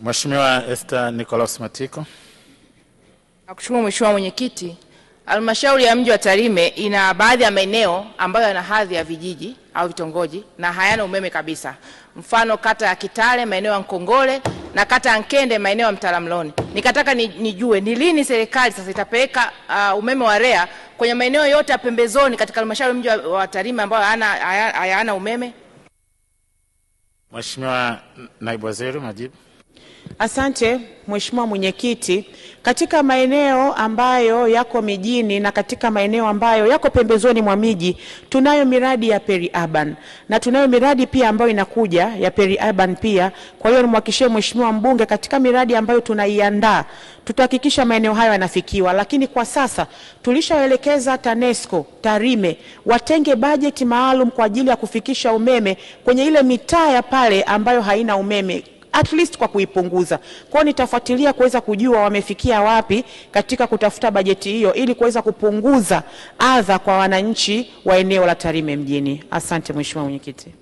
Mheshimiwa Esther Nicholas Matiko. Nakushukuru Mheshimiwa Mwenyekiti. Halmashauri ya mji wa Tarime ina baadhi ya maeneo ambayo yana hadhi ya vijiji au vitongoji na hayana umeme kabisa, mfano kata ya Kitale maeneo ya Nkongole na kata ya Nkende maeneo ya mtaramloni Nikataka nijue ni lini serikali sasa itapeleka uh, umeme wa REA kwenye maeneo yote ya pembezoni katika halmashauri mji wa Tarime ambayo hayana umeme. Mheshimiwa Naibu Waziri, majibu. Asante Mheshimiwa Mwenyekiti. Katika maeneo ambayo yako mijini na katika maeneo ambayo yako pembezoni mwa miji tunayo miradi ya peri peri-urban na tunayo miradi pia ambayo inakuja ya peri-urban pia. Kwa hiyo nimhakikishie Mheshimiwa mbunge, katika miradi ambayo tunaiandaa tutahakikisha maeneo hayo yanafikiwa, lakini kwa sasa tulishaelekeza TANESCO, TARIME watenge bajeti maalum kwa ajili ya kufikisha umeme kwenye ile mitaa ya pale ambayo haina umeme at least kwa kuipunguza. Kwao nitafuatilia kuweza kujua wamefikia wapi katika kutafuta bajeti hiyo ili kuweza kupunguza adha kwa wananchi wa eneo la Tarime mjini. Asante Mheshimiwa Mwenyekiti.